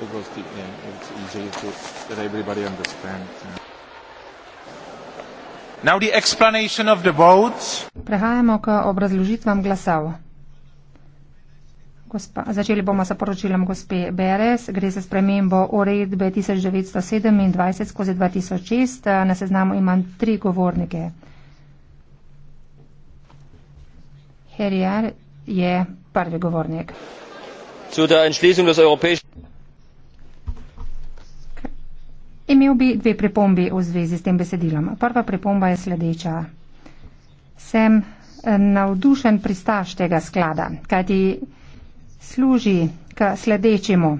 because the, uh, it's easy to, that everybody understands. Uh. Now the explanation of the votes. Prehajamo k obrazložitvam glasov. Gospa, začeli bomo sa poročilom gospe Beres. Gre za spremembo uredbe 1927 skozi 2006. Na seznamu imam tri govornike. Herjar je prvi govornik. Imel bi dve pripombi v zvezi s tem besedilom. Prva pripomba je sledeča. Sem eh, navdušen pristaš tega sklada, kajti služi k sledečemu.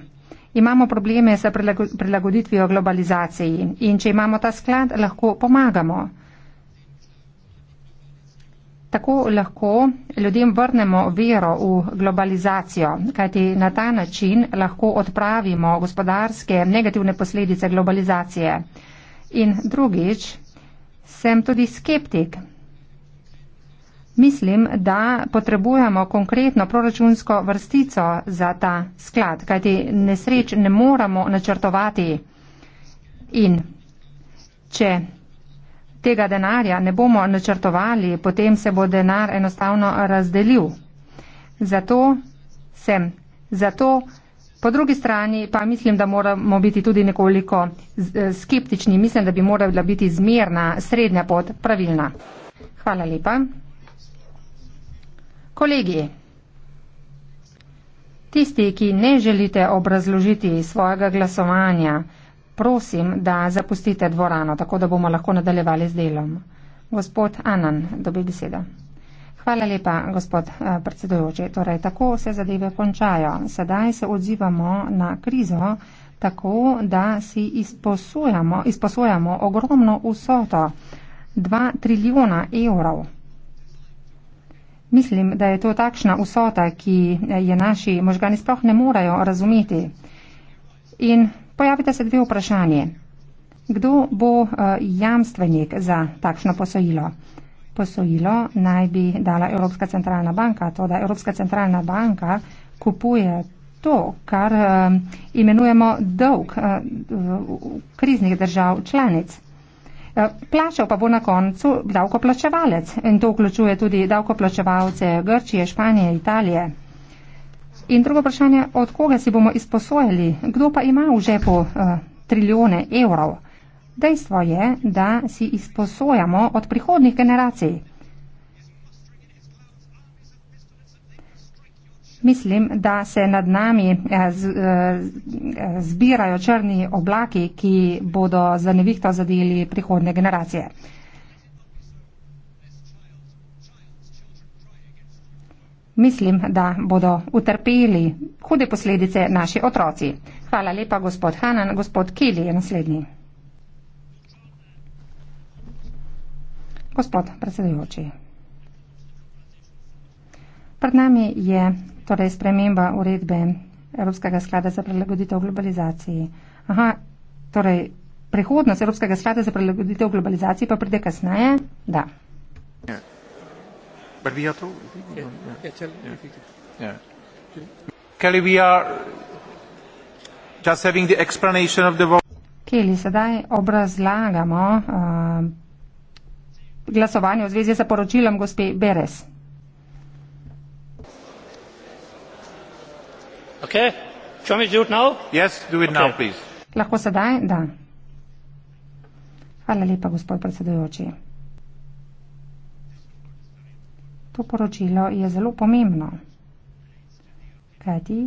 Imamo probleme s prilagoditvijo globalizaciji in če imamo ta sklad, lahko pomagamo. Tako lahko ljudem vrnemo vero v globalizacijo, kajti na ta način lahko odpravimo gospodarske negativne posledice globalizacije. In drugič, sem tudi skeptik. Mislim, da potrebujemo konkretno proračunsko vrstico za ta sklad, kajti nesreč ne moramo načrtovati. In če tega denarja ne bomo načrtovali, potem se bo denar enostavno razdelil. Zato sem. Zato po drugi strani pa mislim, da moramo biti tudi nekoliko eh, skeptični. Mislim, da bi morala biti zmerna, srednja pot pravilna. Hvala lepa. Kolegi, tisti, ki ne želite obrazložiti svojega glasovanja, prosim, da zapustite dvorano, tako da bomo lahko nadaljevali z delom. Gospod Anan, dobi besedo. Hvala lepa, gospod eh, predsedujoči. Torej, tako se zadeve končajo. Sedaj se odzivamo na krizo tako, da si izposujamo, izposujamo ogromno vsoto, 2 trilijona evrov. Mislim, da je to takšna vsota, ki eh, je naši možgani sploh ne morejo razumeti. In pojavita se dve vprašanje. Kdo bo eh, jamstvenik za takšno posojilo? Posojilo naj bi dala Evropska centralna banka, to da Evropska centralna banka kupuje to, kar eh, imenujemo dolg eh, kriznih držav članic. Plačal pa bo na koncu davkoplačevalec in to vključuje tudi davkoplačevalce Grčije, Španije, Italije. In drugo vprašanje, od koga si bomo izposojali, kdo pa ima v žepu uh, trilijone evrov? Dejstvo je, da si izposojamo od prihodnih generacij. Mislim, da se nad nami eh, z, eh, zbirajo črni oblaki, ki bodo za nevihto zadeli prihodne generacije. mislim, da bodo utrpeli hude posledice naši otroci. Hvala lepa, gospod Hanan. Gospod Kili je naslednji. Gospod predsedujoči. Pred nami je torej sprememba uredbe Evropskega sklada za prilagoditev globalizaciji. Aha, torej prihodnost Evropskega sklada za prilagoditev globalizaciji pa pride kasneje? Da. Yeah. Ja but we are through. Yeah. Yeah. Yeah, tell yeah. Yeah. Kelly, we are just having the explanation of the vote. Kelly, sedaj obrazlagamo uh, glasovanje v zvezi z poročilom gospe Beres. Okay. Do it now? Yes, do it okay. now, Lahko sedaj? Da. Hvala lepa, gospod predsedujoči. To poročilo je zelo pomembno, kajti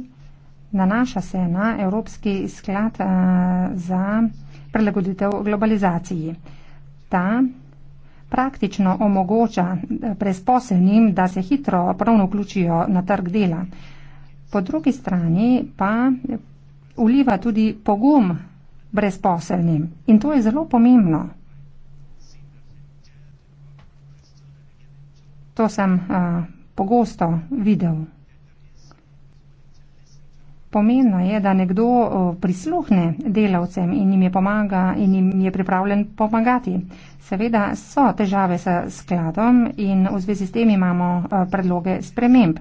nanaša se na Evropski sklad eh, za prilagoditev globalizaciji. Ta praktično omogoča presposebnim, eh, da se hitro pravno vključijo na trg dela. Po drugi strani pa uliva tudi pogum brezposelnim. In to je zelo pomembno. To sem uh, pogosto videl. Pomembno je, da nekdo eh, prisluhne delavcem in jim je pomaga in jim je pripravljen pomagati. Seveda so težave s skladom in v zvezi s tem imamo eh, predloge sprememb.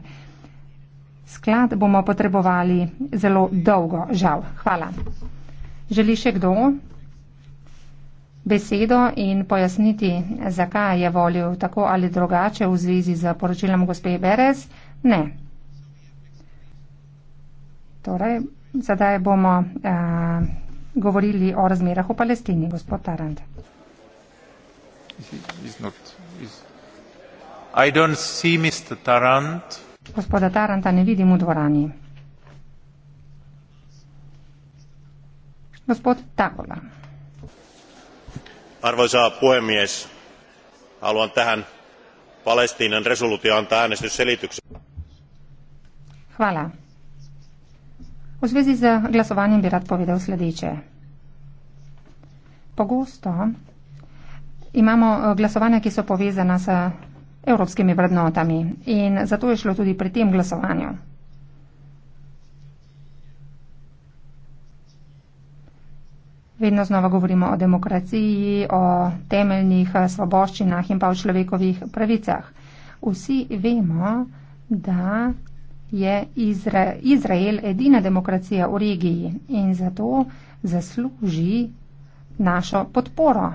Sklad bomo potrebovali zelo dolgo, žal. Hvala. Želi še kdo? besedo in pojasniti, zakaj je volil tako ali drugače v zvezi z poročilom gospe Berez? Ne. Torej, zadaj bomo a, eh, govorili o razmerah v Palestini, gospod Tarant. Tarant. Gospoda Taranta ne vidim v dvorani. Gospod Takola arvoisa puhemies haluan tähän palestiinan päätöslauselmaan antaa äänestysselityksen. V zvezi z glasovanjem bi rad povedal sledeče. Pogosto imamo eh, glasovanja, ki so povezana s evropskimi vrednotami in zato je šlo tudi pri tem glasovanju. vedno znova govorimo o demokraciji, o temeljnih eh, svoboščinah in pa o človekovih pravicah. Vsi vemo, da je Izrael edina demokracija v regiji in zato zasluži našo podporo.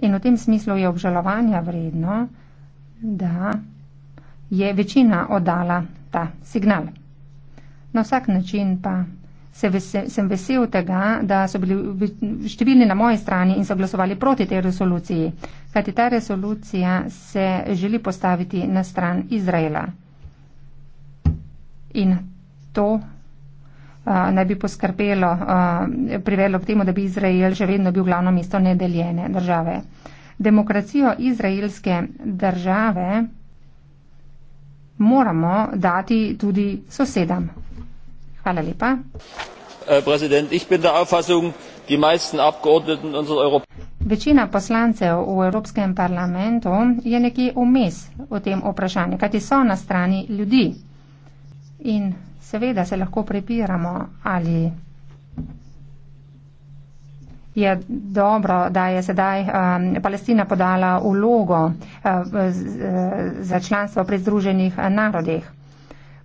In v tem smislu je obžalovanja vredno, da je večina oddala ta signal. Na vsak način pa se vese, sem vesel tega, da so bili številni na moji strani in so glasovali proti tej resoluciji, kajti ta resolucija se želi postaviti na stran Izraela. In to naj bi poskrbelo, privelo k temu, da bi Izrael že vedno bil glavno mesto nedeljene države. Demokracijo izraelske države moramo dati tudi sosedam. Hvala lepa. Večina poslancev v Evropskem parlamentu je nekje vmes v tem vprašanju, kajti so na strani ljudi. In seveda se lahko prepiramo, ali je dobro, da je sedaj um, Palestina podala vlogo uh, z, uh, za članstvo pri Združenih narodih.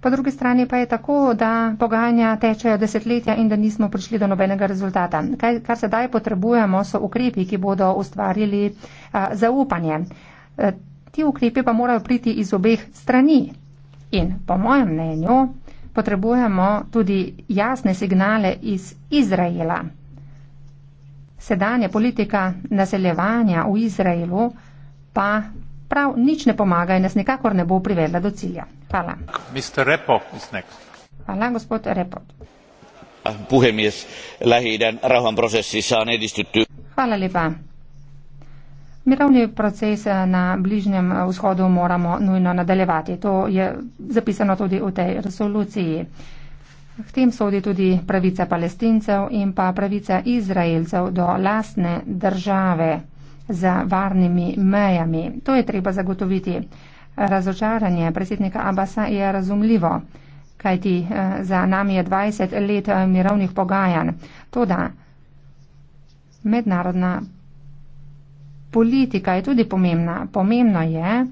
Po drugi strani pa je tako, da pogajanja tečejo desetletja in da nismo prišli do nobenega rezultata. Kaj, kar sedaj potrebujemo, so ukrepi, ki bodo ustvarili a, zaupanje. A, e, ti ukrepi pa morajo priti iz obeh strani. In po mojem mnenju potrebujemo tudi jasne signale iz Izraela. Sedanja politika naseljevanja v Izraelu pa prav nič ne pomaga in nas nikakor ne bo privedla do cilja. Hvala. Mr. Repo, Hvala, gospod Repo. Puhemies, Lähi-idän rauhanprosessissa on edistytty. Hvala lepa. Mirovni proces eh, na Bližnjem vzhodu moramo nujno nadaljevati. To je zapisano tudi v tej resoluciji. K tem sodi tudi pravica palestincev in pa pravica izraelcev do lastne države za varnimi mejami. To je treba zagotoviti. Razočaranje predsednika Abasa je razumljivo, kajti eh, za nami je 20 let eh, mirovnih pogajanj. Toda mednarodna politika je tudi pomembna. Pomembno je,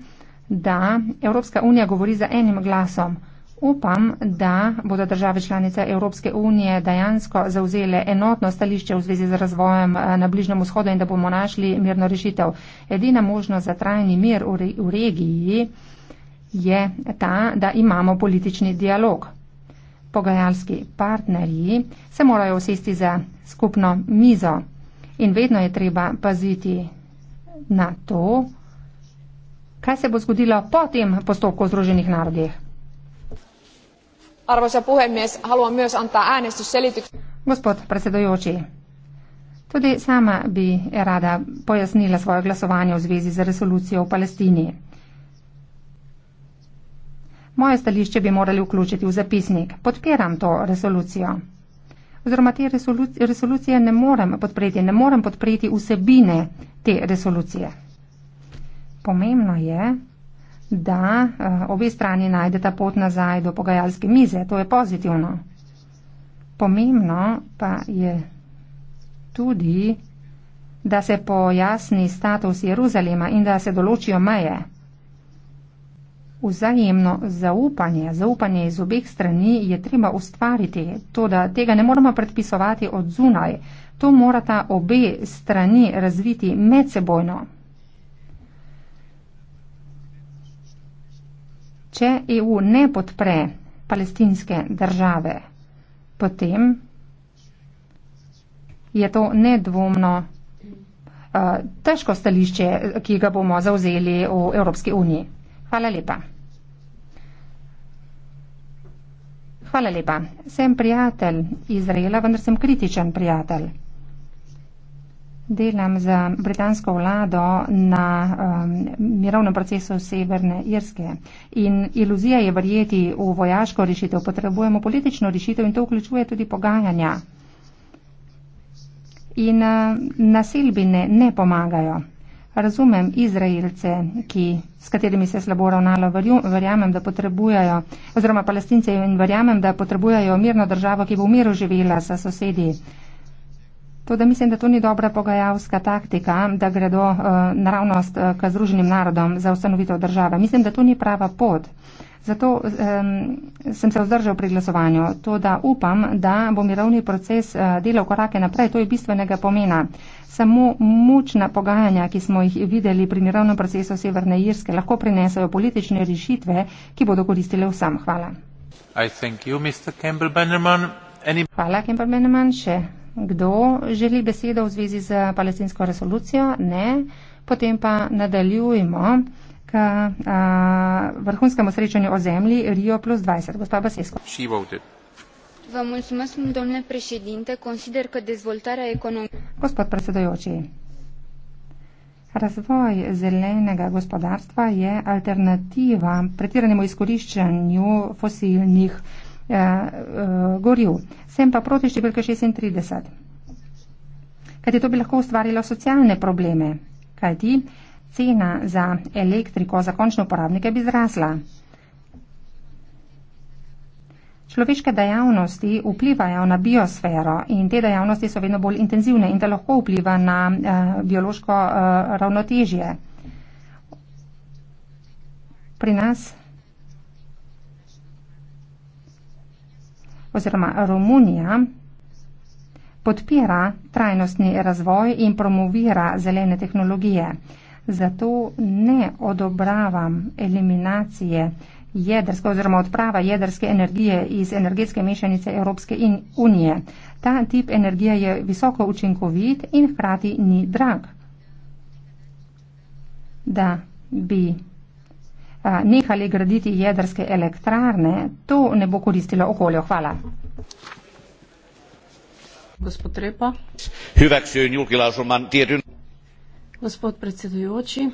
da Evropska unija govori za enim glasom. Upam, da bodo države članice Evropske unije dejansko zauzele enotno stališče v zvezi z razvojem eh, na Bližnjem vzhodu in da bomo našli mirno rešitev. Edina možnost za trajni mir v, re v regiji je ta, da imamo politični dialog. Pogajalski partnerji se morajo usesti za skupno mizo in vedno je treba paziti na to, kaj se bo zgodilo po tem postopku v Združenih narodih. Arvoisa puhemies, haluan myös antaa äänestysselityksen. Gospod predsedujoči, tudi sama bi rada pojasnila svoje glasovanje v zvezi z resolucijo o Palestini. Moje stališče bi morali vključiti v zapisnik. Podpiram to resolucijo. Oziroma te resolucije ne morem podpreti, ne morem podpreti vsebine te resolucije. Pomembno je, da eh, obe strani najdeta pot nazaj do pogajalske mize. To je pozitivno. Pomembno pa je tudi, da se pojasni status Jeruzalema in da se določijo meje. Vzajemno zaupanje, zaupanje iz obeh strani je treba ustvariti, to, da tega ne moramo predpisovati od zunaj. To morata obe strani razviti medsebojno. če EU ne podpre palestinske države, potem je to nedvomno uh, težko stališče, ki ga bomo zauzeli v Evropski uniji. Hvala lepa. Hvala lepa. Sem prijatelj Izraela, vendar sem kritičen prijatelj. Delam za britansko vlado na um, mirovnem procesu Severne Irske. In iluzija je verjeti v vojaško rešitev. Potrebujemo politično rešitev in to vključuje tudi pogajanja. In uh, nasilbine ne pomagajo. Razumem Izraelce, ki, s katerimi se slabo ravnalo, verjamem, da potrebujejo, oziroma palestince in verjamem, da potrebujejo mirno državo, ki bo v miru živela sa sosedi. To, da mislim, da to ni dobra pogajalska taktika, da gredo uh, naravnost uh, k Združenim narodom za ustanovitev države. Mislim, da to ni prava pot. Zato um, sem se vzdržal pri glasovanju. To, da upam, da bo mirovni proces uh, delal korake naprej, to je bistvenega pomena. Samo močna pogajanja, ki smo jih videli pri mirovnem procesu Severne Irske, lahko prinesajo politične rešitve, ki bodo koristile vsem. Hvala. Hvala, Kemper Benjamin, še. Kdo želi besedo v zvezi z palestinsko resolucijo? Ne. Potem pa nadaljujemo k a, vrhunskemu srečanju o zemlji Rio plus 20. Gospa Basesko. Vam mulțumesc, domnule președinte, consider că dezvoltarea economică. Gospod predsedujoči, razvoj zelenega gospodarstva je alternativa pretiranemu izkoriščanju fosilnih uh, goril. Sem pa proti številke 36. Kajti to bi lahko ustvarilo socialne probleme, kajti cena za elektriko za končne uporabnike bi zrasla. Človeške dejavnosti vplivajo na biosfero in te dejavnosti so vedno bolj intenzivne in da lahko vpliva na uh, biološko uh, ravnotežje. Pri nas oziroma Romunija podpira trajnostni razvoj in promovira zelene tehnologije. Zato ne odobravam eliminacije jedrske oziroma odprava jedrske energije iz energetske mešanice Evropske unije. Ta tip energije je visoko učinkovit in hkrati ni drag. Da bi nehali graditi jedrske elektrarne. To ne bo koristilo okolju. Hvala. Gospod Repa. Hüveksün, julkilausuman, tietyn... Gospod predsedujoči.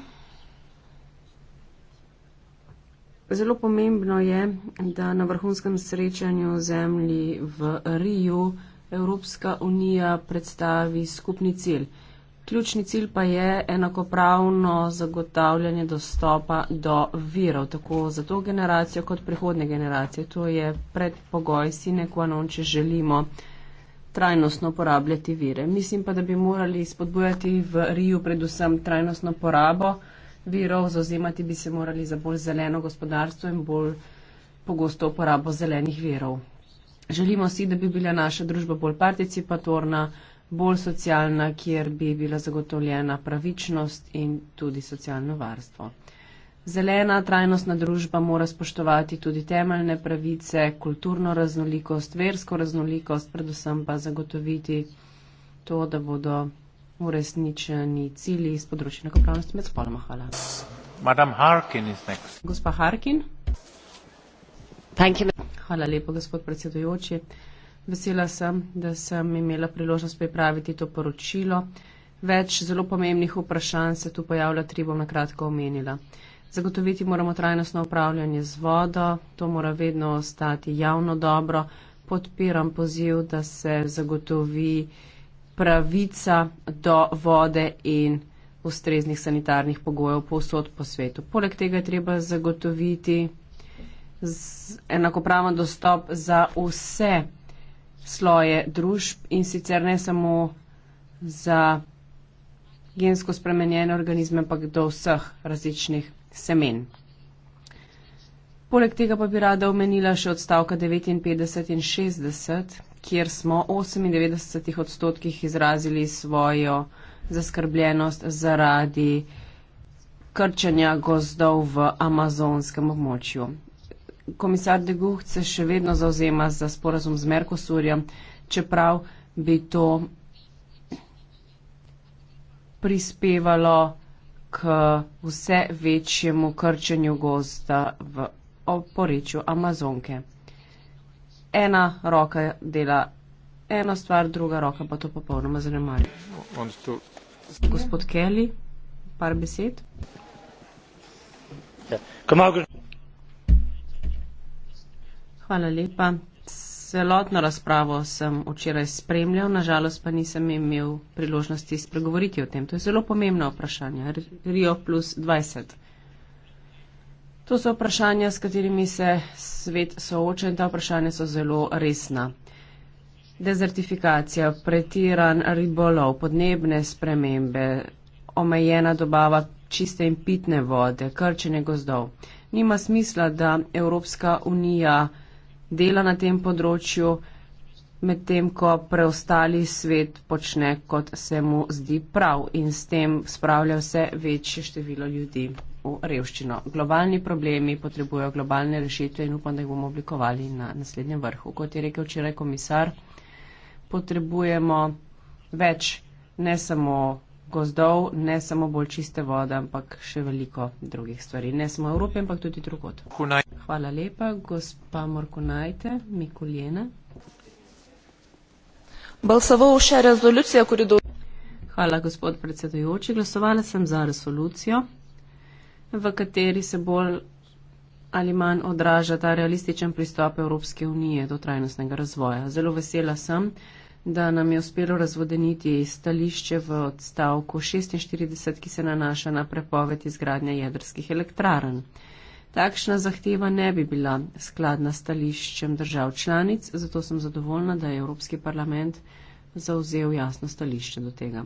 Zelo pomembno je, da na vrhunskem srečanju zemlji v Riju Evropska unija predstavi skupni cilj. Ključni cilj pa je enakopravno zagotavljanje dostopa do virov, tako za to generacijo kot prihodne generacije. To je predpogoj sine qua non, če želimo trajnostno porabljati vire. Mislim pa, da bi morali spodbujati v Riju predvsem trajnostno porabo virov, zauzemati bi se morali za bolj zeleno gospodarstvo in bolj pogosto uporabo zelenih virov. Želimo si, da bi bila naša družba bolj participatorna bolj socialna, kjer bi bila zagotovljena pravičnost in tudi socialno varstvo. Zelena trajnostna družba mora spoštovati tudi temeljne pravice, kulturno raznolikost, versko raznolikost, predvsem pa zagotoviti to, da bodo uresničeni cilji iz področja enakopravnosti med spoloma. Hvala. Gospa Harkin. Hvala lepo, gospod predsedujoči. Vesela sem, da sem imela priložnost pripraviti to poročilo. Več zelo pomembnih vprašanj se tu pojavlja, tri bom na kratko omenila. Zagotoviti moramo trajnostno upravljanje z vodo, to mora vedno ostati javno dobro. Podpiram poziv, da se zagotovi pravica do vode in ustreznih sanitarnih pogojev povsod po svetu. Poleg tega je treba zagotoviti enakopraven dostop za vse sloje družb in sicer ne samo za gensko spremenjene organizme, ampak do vseh različnih semen. Poleg tega pa bi rada omenila še odstavka 59 in 60, kjer smo v 98 odstotkih izrazili svojo zaskrbljenost zaradi krčenja gozdov v amazonskem območju komisar De Gucht se še vedno zauzema za sporazum z Merkosurjem, čeprav bi to prispevalo k vse večjemu krčenju gozda v oporečju Amazonke. Ena roka dela eno stvar, druga roka pa to popolnoma zanemarja. Gospod Kelly, par besed. Ja. Hvala lepa. Celotno razpravo sem včeraj spremljal, nažalost pa nisem imel priložnosti spregovoriti o tem. To je zelo pomembno vprašanje. Rio plus 20. To so vprašanja, s katerimi se svet sooča in ta vprašanja so zelo resna. Dezertifikacija, pretiran ribolov, podnebne spremembe, omejena dobava čiste in pitne vode, krčenje gozdov. Nima smisla, da Evropska unija dela na tem področju, medtem ko preostali svet počne, kot se mu zdi prav in s tem spravlja vse večje število ljudi v revščino. Globalni problemi potrebujejo globalne rešitve in upam, da jih bomo oblikovali na naslednjem vrhu. Kot je rekel včeraj komisar, potrebujemo več ne samo gozdov, ne samo bolj čiste vode, ampak še veliko drugih stvari. Ne samo v Evropi, ampak tudi drugot. Hvala lepa, gospa Morkunajte, Mikuljena. Hvala, gospod predsedujoči. Glasovala sem za resolucijo, v kateri se bolj ali manj odraža ta realističen pristop Evropske unije do trajnostnega razvoja. Zelo vesela sem, da nam je uspelo razvodeniti stališče v odstavku 46, ki se nanaša na prepoved izgradnje jedrskih elektrarn. Takšna zahteva ne bi bila skladna stališčem držav članic, zato sem zadovoljna, da je Evropski parlament zauzel jasno stališče do tega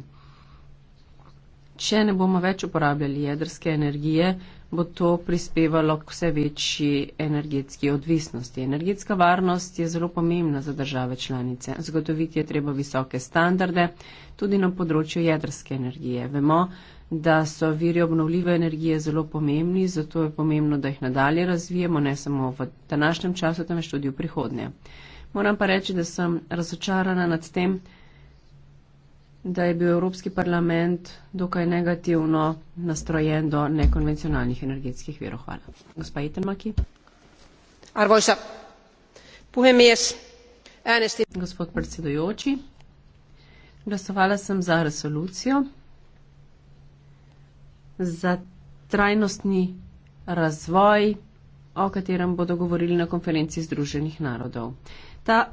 če ne bomo več uporabljali jedrske energije, bo to prispevalo k vse večji energetski odvisnosti. Energetska varnost je zelo pomembna za države članice. Zagotoviti je treba visoke standarde tudi na področju jedrske energije. Vemo, da so viri obnovljive energije zelo pomembni, zato je pomembno, da jih nadalje razvijemo, ne samo v današnjem času, temveč tudi v prihodnje. Moram pa reči, da sem razočarana nad tem, da je bil Evropski parlament dokaj negativno nastrojen do nekonvencionalnih energetskih virov. Hvala. Gospa Itemaki. Arvoisa puhemies, äänestin... Gospod predsedujoči, glasovala sem za resolucijo za trajnostni razvoj, o katerem bodo govorili na konferenci Združenih narodov. Ta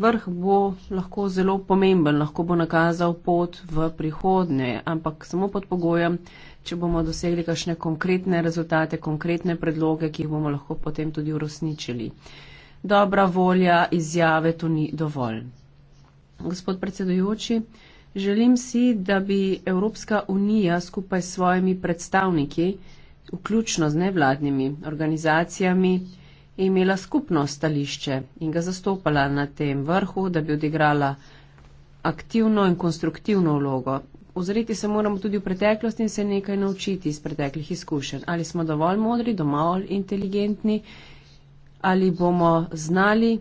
Vrh bo lahko zelo pomemben, lahko bo nakazal pot v prihodnje, ampak samo pod pogojem, če bomo dosegli kakšne konkretne rezultate, konkretne predloge, ki jih bomo lahko potem tudi uresničili. Dobra volja izjave to ni dovolj. Gospod predsedujoči, želim si, da bi Evropska unija skupaj s svojimi predstavniki, vključno z nevladnimi organizacijami, imela skupno stališče in ga zastopala na tem vrhu, da bi odigrala aktivno in konstruktivno vlogo. Ozreti se moramo tudi v preteklost in se nekaj naučiti iz preteklih izkušenj. Ali smo dovolj modri, dovolj inteligentni, ali bomo znali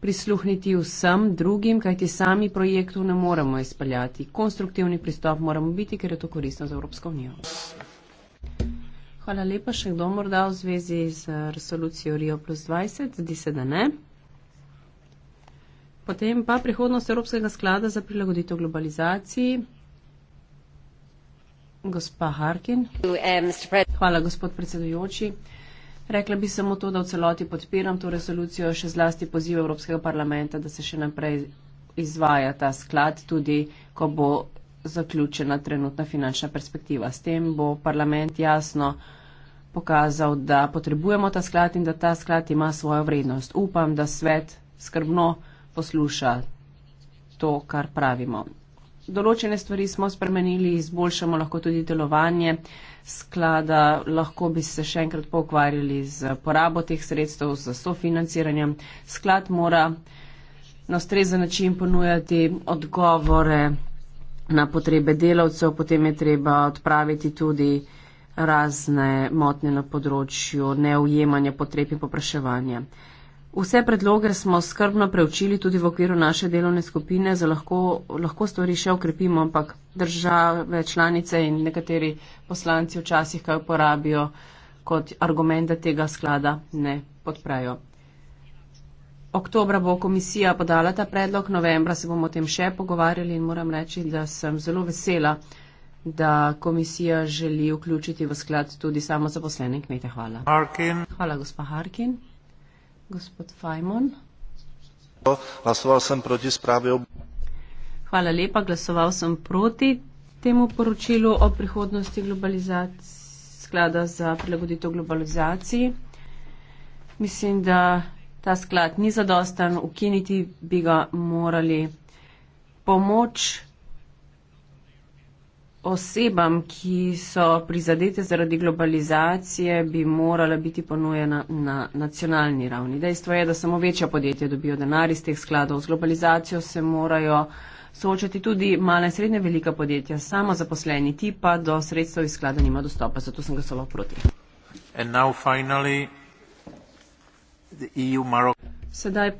prisluhniti vsem drugim, kajti sami projektu ne moremo izpeljati. Konstruktivni pristop moramo biti, ker je to koristno za Evropsko unijo. Hvala lepa. Še kdo morda v zvezi z resolucijo Rio plus 20? Zdi se, da ne. Potem pa prihodnost Evropskega sklada za prilagoditev globalizaciji. Gospa Harkin. Hvala, gospod predsedujoči. Rekla bi samo to, da v celoti podpiram to resolucijo, še zlasti poziv Evropskega parlamenta, da se še naprej izvaja ta sklad, tudi ko bo zaključena trenutna finančna perspektiva. S tem bo parlament jasno pokazal, da potrebujemo ta sklad in da ta sklad ima svojo vrednost. Upam, da svet skrbno posluša to, kar pravimo. Določene stvari smo spremenili, izboljšamo lahko tudi delovanje sklada, lahko bi se še enkrat pokvarjali z porabo teh sredstev, z sofinanciranjem. Sklad mora na ustrezen način ponujati odgovore na potrebe delavcev, potem je treba odpraviti tudi razne motnje na področju neujemanja potreb in popraševanja. Vse predloge smo skrbno preučili tudi v okviru naše delovne skupine, za lahko, lahko stvari še ukrepimo, ampak države, članice in nekateri poslanci včasih kaj uporabijo kot argument, da tega sklada ne podprajo. Oktobra bo komisija podala ta predlog, novembra se bomo o tem še pogovarjali in moram reči, da sem zelo vesela, da komisija želi vključiti v sklad tudi samo zaposlene kmete. Hvala. Harkin. Hvala, gospod Harkin. Gospod Fajmon. Glasoval sem proti spravi. Hvala lepa, glasoval sem proti temu poročilu o prihodnosti sklada za prilagoditev globalizaciji. Mislim, da ta sklad ni zadosten, ukiniti bi ga morali. Pomoč osebam, ki so prizadete zaradi globalizacije, bi morala biti ponujena na nacionalni ravni. Dejstvo je, da samo večja podjetja dobijo denar iz teh skladov. Z globalizacijo se morajo soočati tudi mala in srednja velika podjetja, samo zaposleni tipa do sredstev iz sklada nima dostopa. Zato sem glasoval proti. Finally, e Sedaj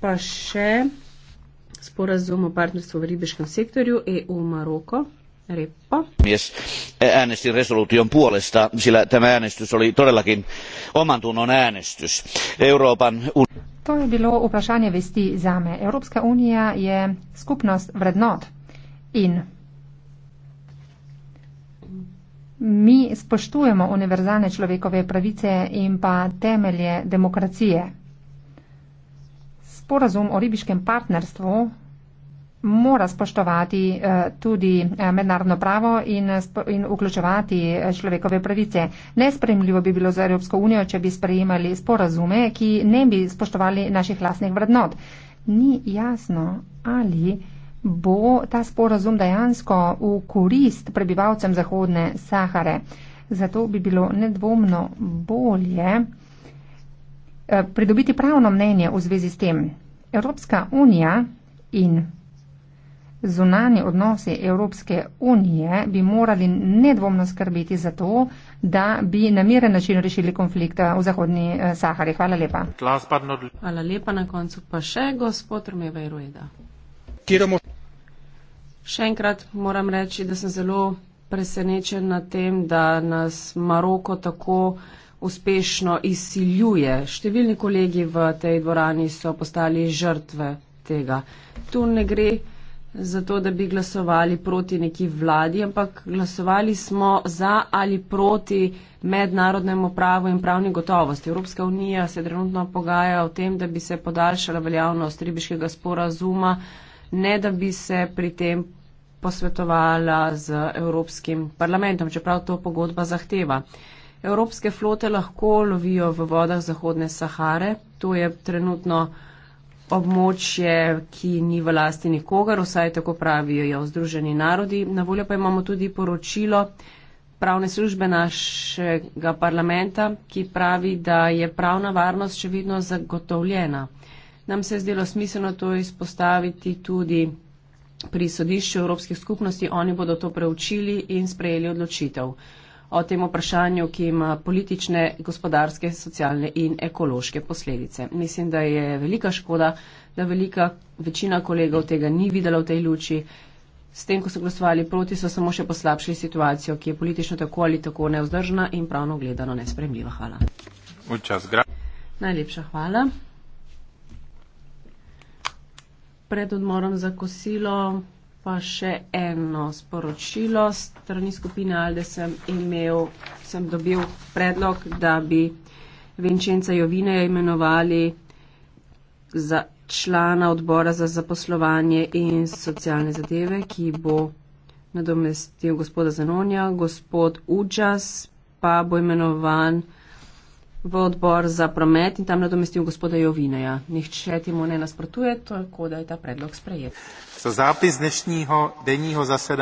pa še sporazum o partnerstvu v ribiškem sektorju EU-Maroko. Rippo. Mies, e, äänestin resoluution puolesta, sillä tämä äänestys oli todellakin oman tunnon äänestys. Euroopan un... To je bilo vprašanje vesti zame. Evropska unija je skupnost vrednot in mi spoštujemo univerzalne človekove pravice in pa temelje demokracije. Sporazum o ribiškem partnerstvu mora spoštovati eh, tudi eh, mednarodno pravo in, eh, in vključevati človekove pravice. Nespremljivo bi bilo za Evropsko unijo, če bi sprejemali sporazume, ki ne bi spoštovali naših lasnih vrednot. Ni jasno, ali bo ta sporazum dejansko v korist prebivalcem Zahodne Sahare. Zato bi bilo nedvomno bolje pridobiti pravno mnenje v zvezi s tem. Evropska unija in zunani odnosi Evropske unije bi morali nedvomno skrbeti za to, da bi na miren način rešili konflikt eh, v Zahodni eh, Sahari. Hvala lepa. Hvala lepa na koncu. Pa še gospod Rumeva Irueda. Še enkrat moram reči, da sem zelo presenečen na tem, da nas Maroko tako uspešno izsiljuje. Številni kolegi v tej dvorani so postali žrtve tega. Tu ne gre zato, da bi glasovali proti neki vladi, ampak glasovali smo za ali proti mednarodnemu pravu in pravni gotovosti. Evropska unija se trenutno pogaja o tem, da bi se podaljšala veljavnost ribiškega sporazuma, ne da bi se pri tem posvetovala z Evropskim parlamentom, čeprav to pogodba zahteva. Evropske flote lahko lovijo v vodah Zahodne Sahare, to je trenutno območje, ki ni v lasti nikogar, vsaj tako pravijo jo Združeni narodi. Na voljo pa imamo tudi poročilo pravne službe našega parlamenta, ki pravi, da je pravna varnost še vedno zagotovljena. Nam se je zdelo smiselno to izpostaviti tudi pri sodišču Evropskih skupnosti. Oni bodo to preučili in sprejeli odločitev o tem vprašanju, ki ima politične, gospodarske, socialne in ekološke posledice. Mislim, da je velika škoda, da velika večina kolegov tega ni videla v tej luči. S tem, ko so glasovali proti, so samo še poslabšali situacijo, ki je politično tako ali tako neuzdržna in pravno gledano nespremljiva. Hvala. Najlepša hvala. Pred odmorom za kosilo pa še eno sporočilo. Strani skupine Alde sem, imel, sem dobil predlog, da bi Venčenca Jovine imenovali za člana odbora za zaposlovanje in socialne zadeve, ki bo nadomestil gospoda Zanonja, gospod Uđas pa bo imenovan v odbor za promet in tam nadomestil gospoda Jovineja. Nihče temu ne nasprotuje, tako da je ta predlog sprejet. So zapis dnešního denního zasedanja.